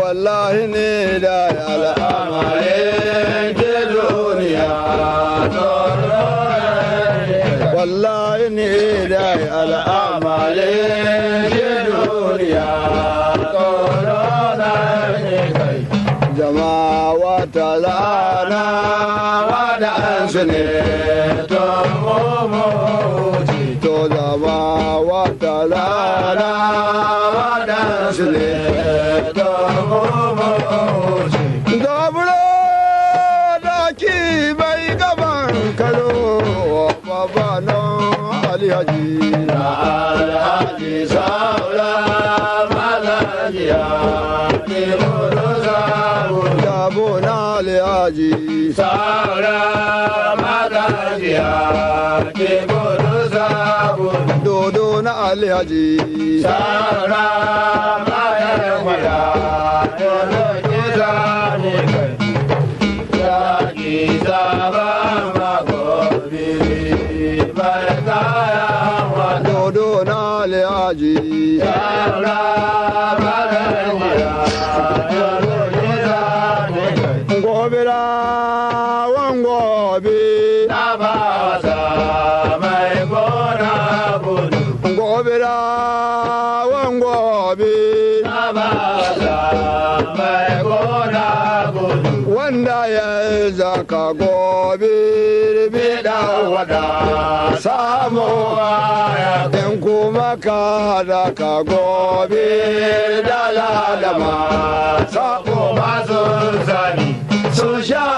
wallahi ne da ke duniya da ke duniya ne alhaji na alhaji saura malajiya ke moro samu na alhaji saura malajiya ke moro samu dodo na alhaji saura malajiya ke saudade. bayan zaka gobe bida wada samu baya in kuma ka da ka gobe da lalama sako masu sani su sha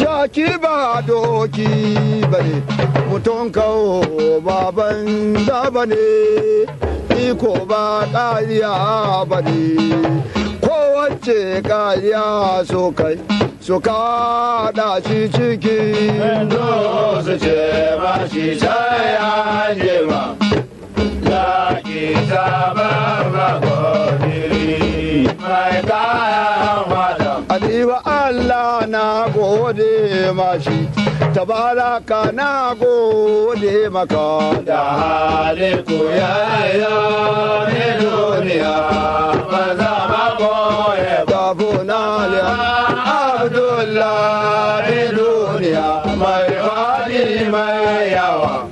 ya ki ba doki bane mutum kawo ba banza bane iko ba ƙariya bane kowace kariya so kai ka da shi ciki. su ce ba shi sai ya Allah na gode tabaraka na gode maka da haliku ya yi duniya ba za ma goye ba funaliya abdullahi duniya mai faɗi mai yawa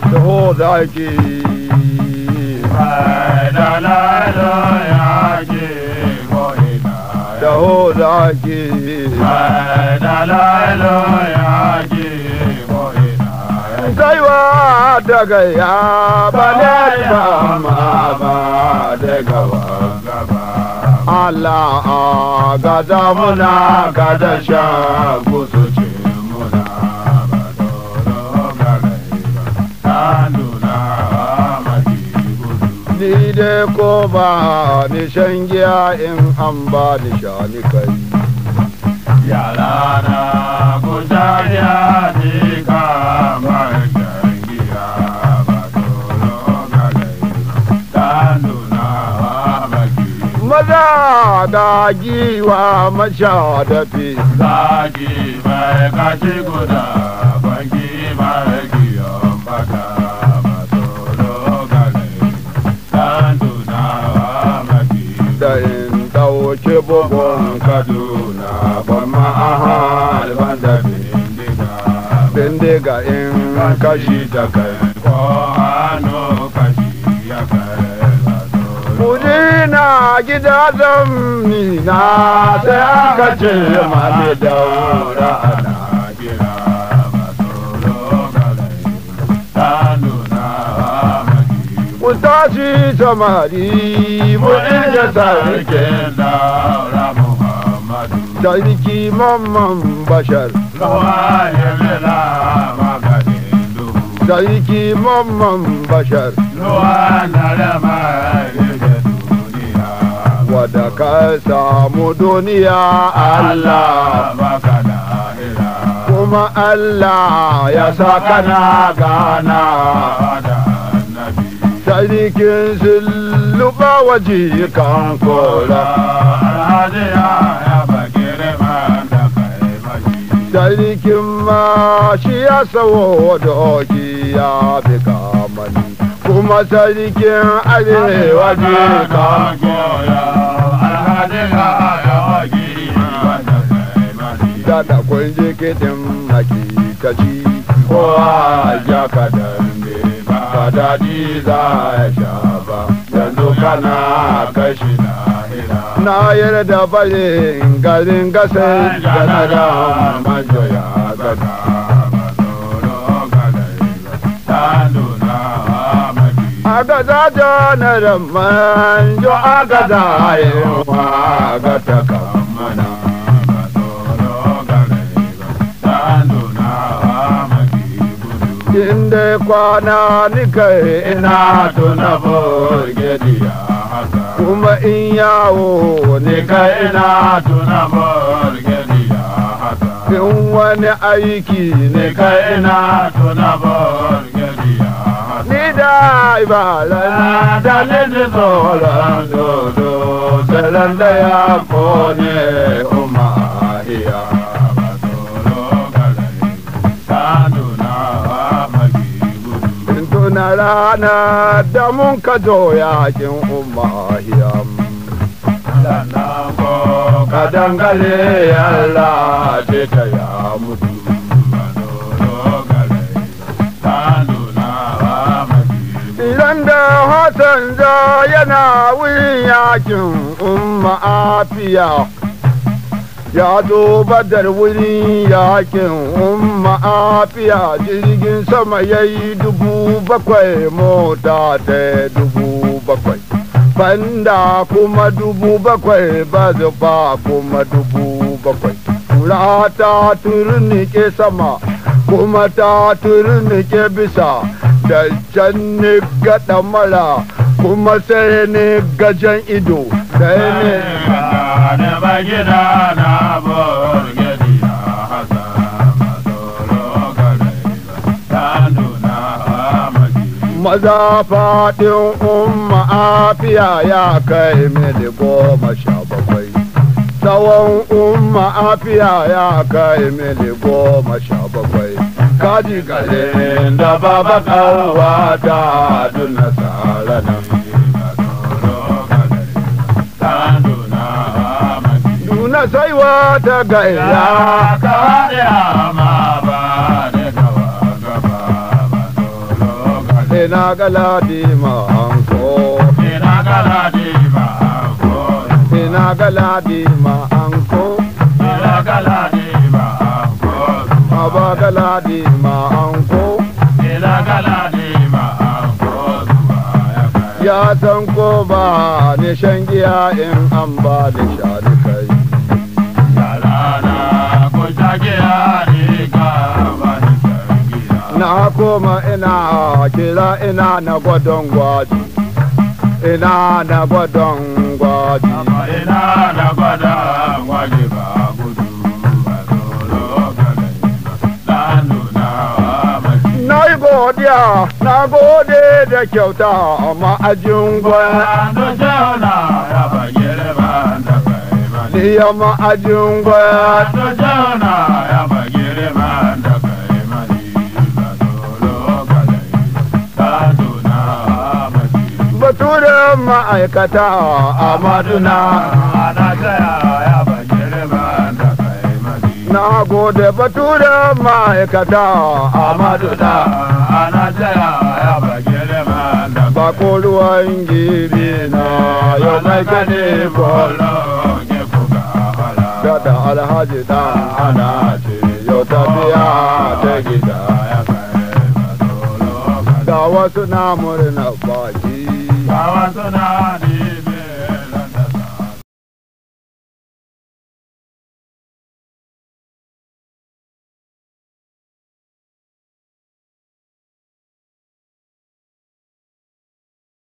taho zaki dalalo dalalo saiwa daga ya ba da ba daga wa Allah a gada muna gada sha gusu ni dai ko ba ni shan in an ba ni shani kai yara na ku sha giya ni kamar shan giya ba tolo ga laina ba ki maza da giwa masha da fi zagi bai kashi guda bangi bai bi bugun kaduna bamma aha bindiga bindiga in kashi ta kai ko ano kashi ya kai Kudina gida na ma bi daura tashi samari mu inda sarkin daura muhammadu tariki mamman bashar lawa ya bila maganin duhu sarki mamman bashar lawa na da duniya wadda ka samu duniya allah makana ila kuma allah ya sa kana gana sarkin sun luba waje kan kora ya baki ma da kai maji sarkin ma shi ya sawo doki ya bi kamani kuma sarkin arewa je kan kora ya baki ma da kai maji da da kun je kitin hakikaci kowa ya kadan ba daɗi za sha ba yanzu kana kashi na ila na da bare garin gasa janara majoya gasa manoro gada ta nuna magi manjo agaza yau agata kama in dai kwana nika ina tuna burgedi kuma in yawo nika ina tuna burgedi in wani aiki nika ina tuna burgedi ni da ibala da lindin tsoron dodo do da ya kone tuna rana da mun ka zo yakin umahiyam sannan ko ka dangale yalla ta ya mutu idan da hatan za yana wurin yakin umma afiya ya zo badar wurin yakin umma afiya jirgin sama ya yi dubu bakwai mota ta dubu bakwai banda kuma dubu bakwai ba zuba kuma dubu bakwai kura turnike sama kuma ta turnike bisa da can ni gaɗa mara kuma sai ni gajen ido sai ne Maza faɗin umma afiya ya kai mili goma sha bakwai. Tsawon umma afiya ya kai mili goma sha bakwai. Kaji gare da baba kawo ta duna tsara nan. na saiwa ta gaya ka ya ma ba ne gaba gaba ba dole ga na gala di ma anko na gala di ma anko na gala di ma anko na gala di ma anko ba gala di ma anko na gala di ma anko ya san ko ba ne shan giya in an ba da shanu Na koma ina kira ina na gwadon gwaji Ina na gwadon gwaji Ina na gwadon gwaji ba gudu ba zoro gane Na yi godiya, na gode da kyauta amma ajin gwaya. ya ma'ajin gwaya ta jana ya magiri man da kai mani ba solo kalai ta tuna mashi bature ma'aikata a maduna ana jaya ya magiri man da kai mani na gode bature ma'aikata a maduna ana jaya ya magiri man da bako ruwan gibi na yau mai gani bolo Gada alhaji da ana ce yau tafiya ta gida ya kai ga wasu na murna baki ga wasu na